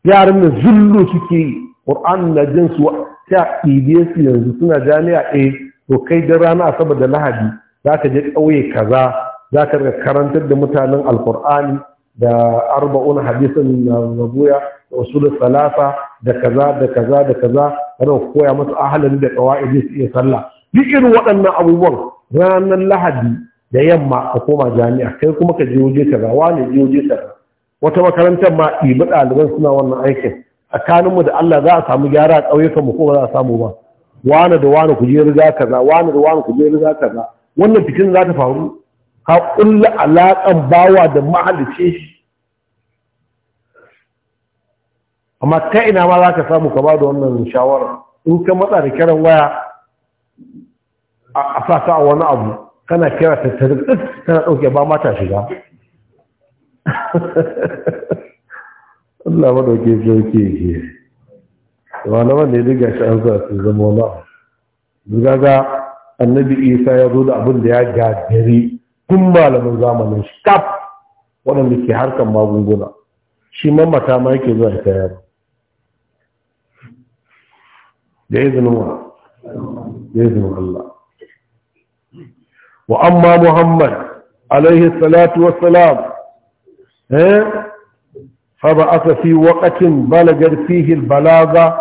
yaran da zullo suke ƙur'an na jinsu sai a yanzu suna jami'a a eh, to kai da rana asabar da lahadi za ka je ƙauye kaza za ka karantar da mutanen alkur'ani da arba'un hadisin na rabuya da usulul salasa da kaza da kaza da kaza kana koya masu ahalin da qawaidi su iya sallah duk irin waɗannan abubuwan ranar lahadi da yamma ka koma jami'a kai kuma ka je waje kaza wani je waje kaza wata makarantar ma ɗibi ɗaliban suna wannan aikin tsakaninmu da Allah za a samu gyara a ƙauyukanmu ko ba za a samu ba wane da wani ku je riga kaza wani da wani ku je riga kaza wannan fitin za ta faru ka ƙulla alaƙan bawa da mahalice shi amma ta ina ma za ka samu ka ba da wannan shawara in ka matsa da kiran waya a sa ta a wani abu kana kira ta tana ɗauke ba mata shiga Allah madauke sauke ke malaman ne daga shi an sa su zama wani abu gaga annabi isa ya zo da abin da ya gagari tun malamin zamanin shi kaf waɗanda ke harkar magunguna shi mamata ma yake zuwa ita yaro da izinin wa da izinin Allah wa amma muhammad alaihi salatu wassalam eh فبعث في وقت بلغت فيه balaga.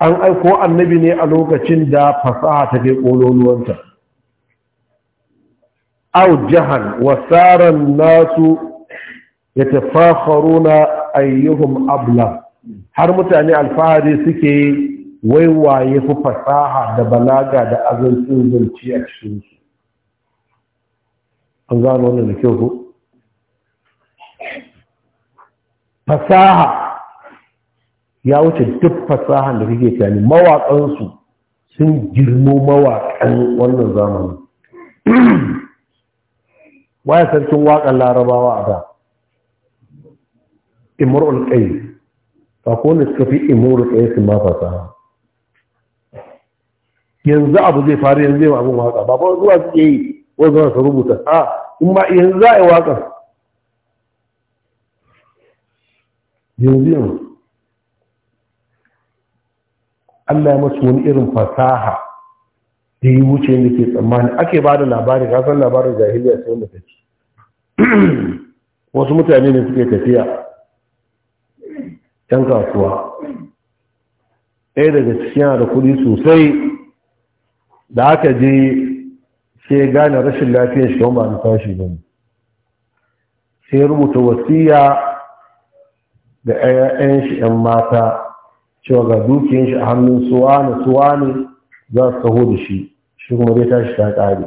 an aiko annabi ne a lokacin da fasaha ta kai ƙololuwanta au jihar wasaran nasu ya tafakharu na ayyuhum abla har mutane alfahari suke waiwaye fi fasaha da balaga da azancin zance a cikinsu an gano wannan da kyau ko fasaha ya wuce duk fasahan da kake tunani mawaƙansu sun girmo mawaƙan wannan zamani [CLEARS THROAT] waya sarkin waƙan larabawa a da Imar ulƙai ba ko ne suka fi imar ulƙai su ma fasaha yanzu abu zai faru yanzu yi abin waƙa ba ba zuwa suke yi ko zuwa su rubuta a in ma yanzu za a yi waƙar yanzu Allah ya masu wani irin fasaha da yi wuce yadda ke tsammani ake ba da labari kasan labarin jahiliya sai wanda tafi. wasu mutane ne suke tafiya ‘yan kasuwa ɗaya daga cikin da kuɗi sosai da aka je sai gane rashin lafiyar shi ba na tashi ba sai rubuta wasiya da 'ya'yan shi 'yan mata cewa ga dukiyan shi a hannun suwa ne, za su taho da shi shi kuma zai tashi ta ƙare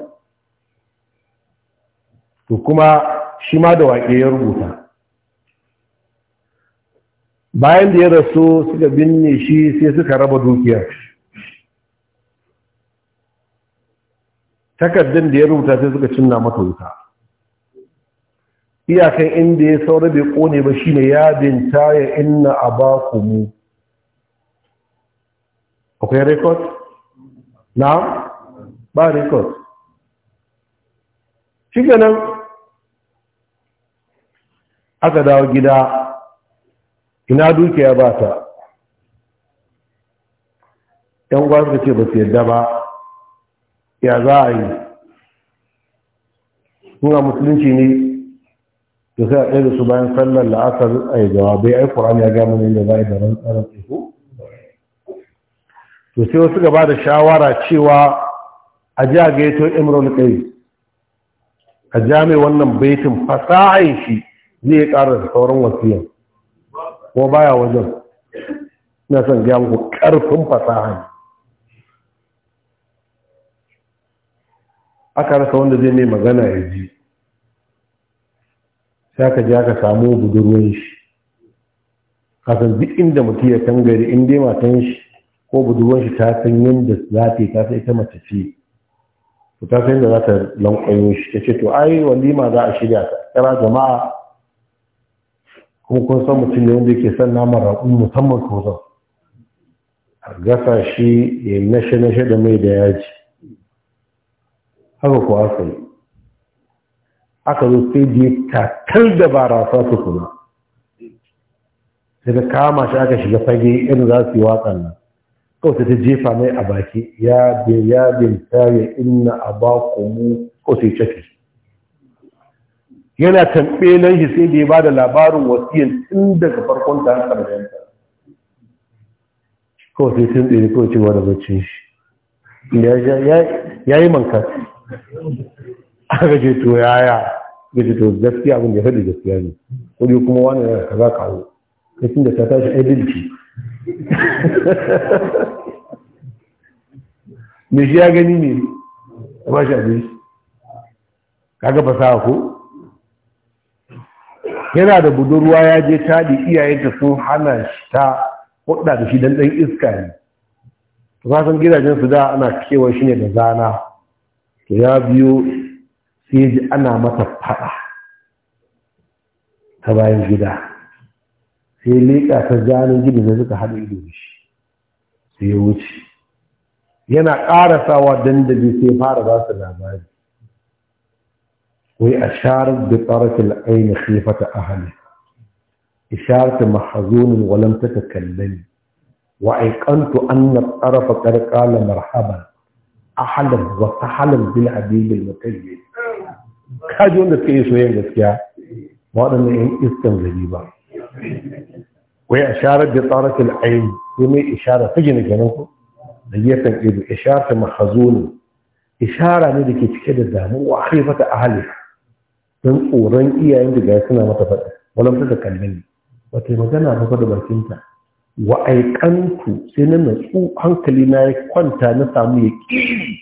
to kuma shi ma da waƙe ya rubuta bayan da ya rasu suka binne shi sai suka raba dukiyar takardun da ya rubuta sai suka cinna mata wuta iyakan inda ya saura bai kone ba shi ne ya binta ya inna mu. akwai rekod? na? ba rekod shi ganin aka dawo gida ina dukiya ba ta uwa da ce ba su yadda ba ya za a yi suna musulunci ne to sai a ɗaya da su bayan sallar la'asar a yi jawabai yi ƙur'ani ya gama ne da za a yi da rantsarar teku to sai wasu gaba da shawara cewa a ji a gaito kai a jami wannan baitin fasa'in shi zai ƙara da sauran wasiyan ko baya wajen na son gaya muku ƙarfin fasaha aka rasa wanda zai mai magana ya ji sai ka ja ka samu budurwan shi kasan duk inda mutum ya kan gari in dai matan shi ko budurwan shi ta san yadda za ta yi ta ta mace ce to ta san yadda za ta lankwayo shi ta ce to ai walima za a shirya ta kira jama'a kuma kun san mutum ne wanda ke son naman raƙun musamman A gasa shi ya nashe-nashe da mai da yaji haka kuwa sai aka zo sai da ya tatar da barasa su kuma Sai da kama shi aka shiga fage irin za su yi watsan nan kawai ta jefa mai a baki ya bin ya bin ta ya inna a ba mu kawai sai cafi yana tambe nan shi sai da ya ba da labarin wasiyan tun daga farkon ta hankali da yanta kawai sai sun tsere kawai cewa da bacci shi ya yi manka aka je to yaya ya to gaskiya abin da ya faɗi gaskiya ne ko kuma wani ya kaza kawo kacin da ta tashi adalci [LAUGHS] me shi ya gani ne a ba shi abin shi kaga sa ko yana da budurwa ya je taɗi iyayenta sun hana shi ta hudda da shi dan ɗan iska ne to san gidajen su da ana kewa shi ne da zana to ya biyo sai ya ji ana mata faɗa ta bayan gida sai leƙa ta zanen gini da suka haɗa ido da shi sai ya wuce yana ƙarasawa dandali sai fara ba su labari wai a sharar da tsarafin aini khifata ahali isharta mahazunin walamta ta kallani وأيقنت أن الطرف قد قال مرحبا أحلا وسهلا بالحبيب المكيد kaji wanda suka yi soyayyen gaskiya waɗannan yan iskan gari ba wai a sharar da tsaratul aini sai mai ishara ta gina kenan ku da gefen ido ishara ta ne ishara ne da ke cike da damuwa haifata ahali don tsoron iyayen da gaya suna mata faɗa mutu ta kallon wata magana ba da bakinta wa aikantu sai na natsu hankali na ya kwanta na samu ya ƙiri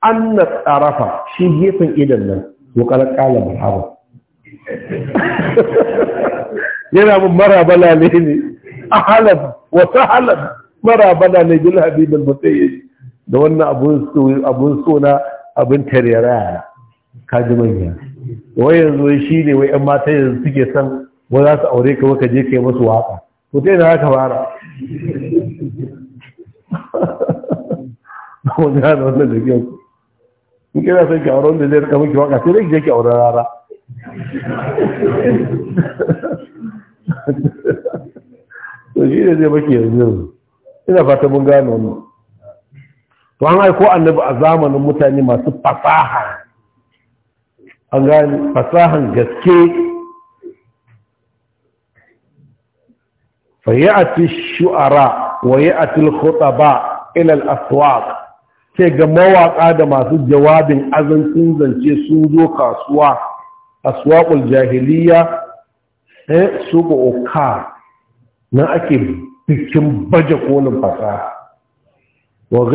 an na tsarafa shi gefen idon nan to ƙala maraba marhaba yana mun marabala ne ne ahalan wa sahalan marabala ne gina habibul mutayyib da wannan abun suna abin tarera kaji manya wai yanzu shi ne wai 'yan mata yanzu suke san wai za su aure ka waka je ka yi masu waka ko ta yana haka fara wani [LAUGHS] hana wannan da kyau in kira son ki aure wanda zai rika miki waka sai dai je ki aure rara to shi ne zai maki yanzu ina fata mun gano wannan to an aiko annabi a zamanin mutane masu fasaha an gane fasahan gaske fayyati shu'ara wa ya'ti al-khutaba ila al-aswaq ce ga mawaƙa da masu jawabin azancin zance sun zo kasuwa suwaƙul jahiliya su eh, suku oka na ake bikin baje kolin fasaha wa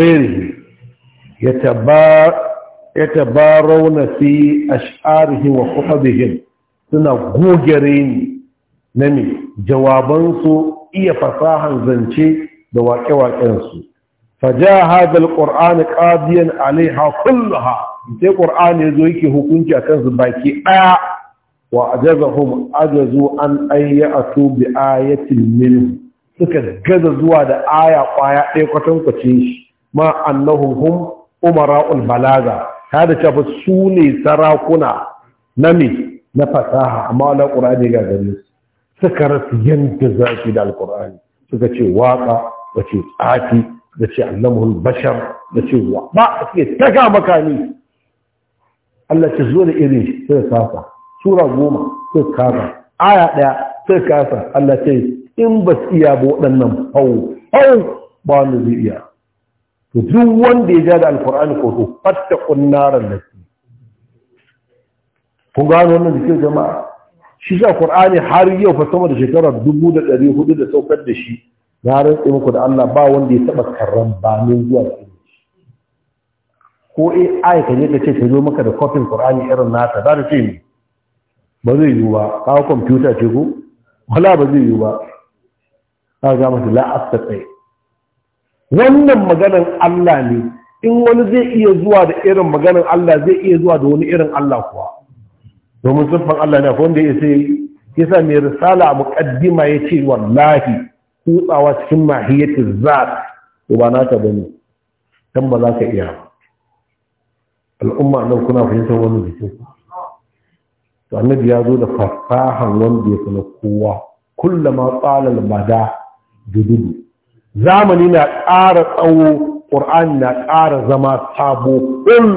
ya tabarau na fi ash'arihi wa khutubihim suna gogere ne na jawabansu iya fasahan zance da waƙe-waƙensu faja hadal qur'ani qadiyan alaiha kullaha sai qur'ani yazo yake hukunci akan su baki daya wa ajazahum ajazu an ayyatu bi ayatin min suka gaza zuwa da aya kwaya ɗaya kwatankwacin shi ma annahum hum umara'ul balaga kada cewa su sune sarakuna na me na fasaha amma wala qur'ani ga gare su suka rasu yanda za su da alqur'ani suka ce waka wace tsafi da ce allamul bashar da ce wa ba suke taga makami Allah ce zo da irin shi sai kasa sura goma sai kasa aya ɗaya sai kasa Allah ce in ba su iya ba waɗannan hau hau ba wanda zai iya wanda ya ja da alkur'ani ko to fatta kunnaran da su kun gano wannan jikin jama'a Shisa sa qur'ani har yau fa sama da shekarar 1400 da saukar da shi na rantsi muku da Allah ba wanda ya taba karran banin zuwa cikin ko eh, ai ka je ka ce ta zo maka da kofin Qur'ani irin nata ba da ce ni ba zai yi ba kawo kwamfuta ce ko wala ba zai yi ba za ga la'as la astaqi wannan maganan Allah ne in wani zai iya zuwa da irin maganan Allah zai iya zuwa da wani irin Allah kuwa domin siffan Allah ne ko wanda ya sai yasa mai risala a muqaddima yace wallahi kutsawa cikin mahiyatu zat to ba naka bane dan ba za ka iya ba al'umma nan kuna fahimtar wani jikin to annabi ya zo da fasahan wanda ya kula kowa kullama qalal bada dududu zamani na ƙara tsawo ƙur'ani na ƙara zama sabo kul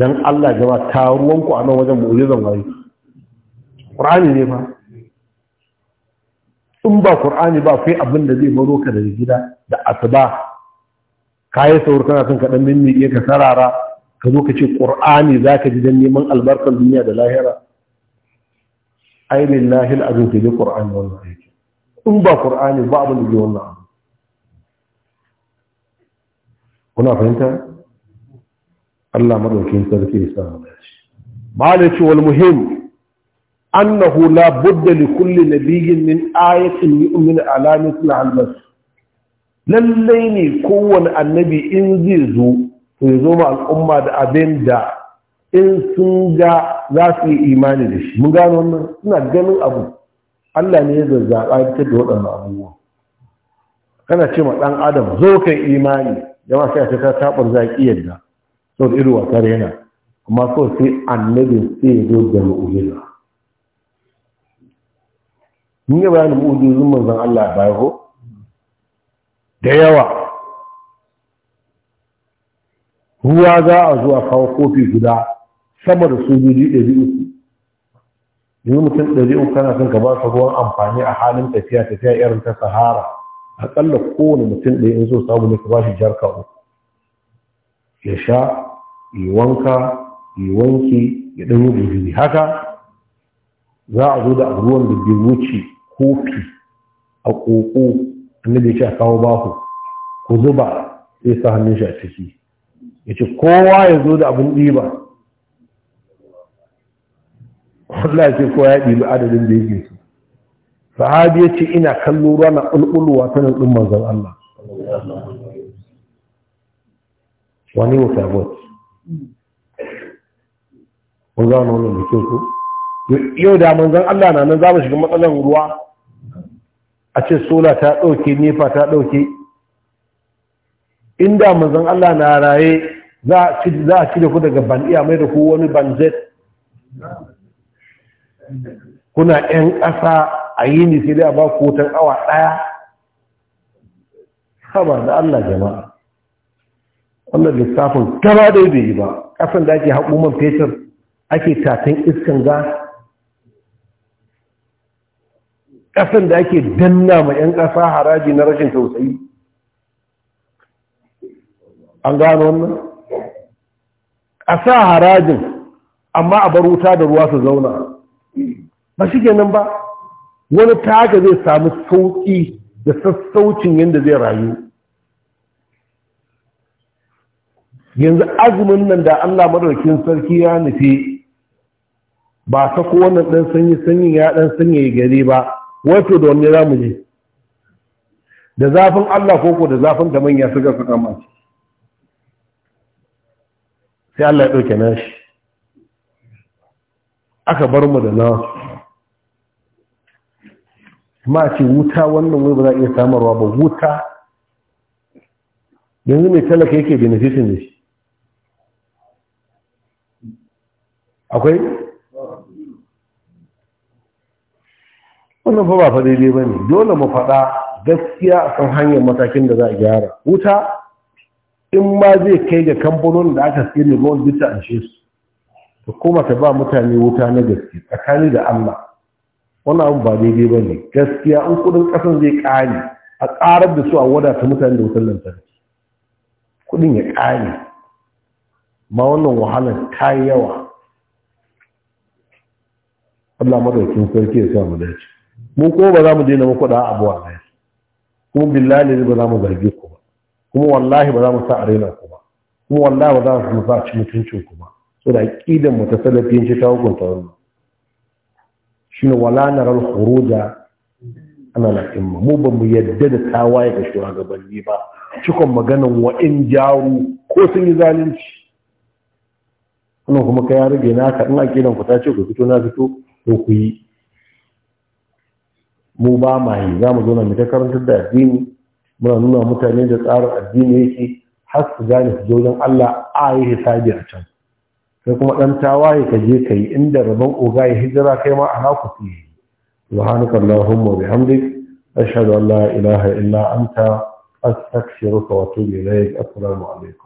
dan Allah jama taruwanku a nan wajen mu'ujizan wani ƙur'ani ne ma in ba ƙur'ani ba kai abin da zai baro ka daga gida da asuba ka yi saur kana son kaɗan mimmi ka sarara ka zo ka ce ƙur'ani za ka ji don neman albarkar duniya da lahira ai lillahi abin ke ji ƙur'ani wannan aiki in ba ƙur'ani ba abin da ke wannan abu kuna fahimta Allah madaukakin sarki ya sa mu dace malai ce wal muhimmi. annahu la budda li kulli nabiyyin min ayatin yu'min ala mithla al-bas lallai ne kowane annabi in zai zo to ya al'umma da abinda da in sun ga za su yi imani da shi mun gano wannan suna ganin abu Allah ne ya zazzaɓa ya fitar da waɗannan abubuwa kana ce ma ɗan adam zo kai imani jama'a sai a ce ta taɓar za yadda sau irin wasar yana amma kawai sai annabin sai ya zo da mu'ujiza mun yi bayanin mu'ujizun manzon Allah ba ko da yawa ruwa za a zuwa kawo kofi guda saboda da sojoji ɗari uku mutum ɗari uku kana son ka ba su ruwan amfani a halin tafiya tafiya irin ta sahara aƙalla kowane mutum ɗaya in so samu ne ka ba shi jarka uku ya sha yi wanka yi wanki ya ɗan yi haka za a zo da ruwan da bai wuce kofi a ƙoƙo annabi ya ce a kawo baku ku zuba sai sa hannun shi a ciki ya ce kowa ya zo da abin ɗiba ya ce kowa ya ɗiba adadin da yake so sahabi ya ce ina kallo ruwa na ƙulƙulwa ta nan ɗin manzan Allah wani wata bot mun gano wani da kyau ko yau da manzan Allah na nan za mu shiga matsalan ruwa a ce sola ta ɗauke nefa ta ɗauke inda manzon Allah na raye za a cire ku daga bandiya mai da ku wani banzet kuna 'yan ƙasa a yi ni sai dai a ba ku wutan awa ɗaya saba da Allah jama'a wannan lissafin gaba daidai bai yi ba ƙasan da ake haƙuman fetur ake tatan iskan gas ƙasan da ake danna ma 'yan ƙasa haraji na rashin tausayi an gano wannan a harajin amma a bar wuta da ruwa su zauna ba shi nan ba wani taga zai sami sauƙi da sassaucin yadda zai rayu yanzu azumin nan da allah madaukin sarki ya nufi ba ta ko ɗan sanyi sanyin ya ɗan sanya gari ba wato da wanne za mu je da zafin Allah ko ko da zafin da manya suka suka mace sai Allah ya ɗauke nashi aka bar mu da nawa. ma ce wuta wannan wai ba za a iya samarwa ba wuta yanzu mai talaka yake benefitin da shi akwai wannan fa ba fa daidai ba ne dole mu faɗa gaskiya a kan hanyar matakin da za a gyara wuta in ma zai kai ga kamfanonin da aka siya lemon bita a shi su ta koma ta ba mutane wuta na gaske tsakani da allah wannan abu ba daidai ba ne gaskiya in kudin ƙasan zai ƙare a ƙarar da su a wadata mutane da wutar lantarki kudin ya ƙare ma wannan wahalar ta yawa Allah madaukin sarki ya sa mu dace mu ko ba za mu daina muku da abu ɗaya kuma billahi ba za mu zarge ku ba kuma wallahi ba za mu sa a raina ku ba kuma wallahi ba za mu sa a ci mutuncin ku ba so da aqidan mu ta salafiyin ci ta hukunta wannan shine wala naral khuruja ana la'imma mu ba mu yadda da tawaye ga shugabanni ba cikon maganan wa in jaru ko sun yi zalunci wannan kuma ka ya rage naka in aqidan ku ta ce ku fito na fito ko ku yi mu ba ma yi za mu zo na ta karantar da addini muna nuna mutane da tsarin addini yake har su gane su don Allah a yi hisabi a can sai kuma ɗan tawaye ka je ka yi inda rabon oga ya hijira kai ma a naku su yi subhanaka allahumma bihamdik ashhadu an la ilaha illa anta astaghfiruka wa atubu ilayk assalamu alaikum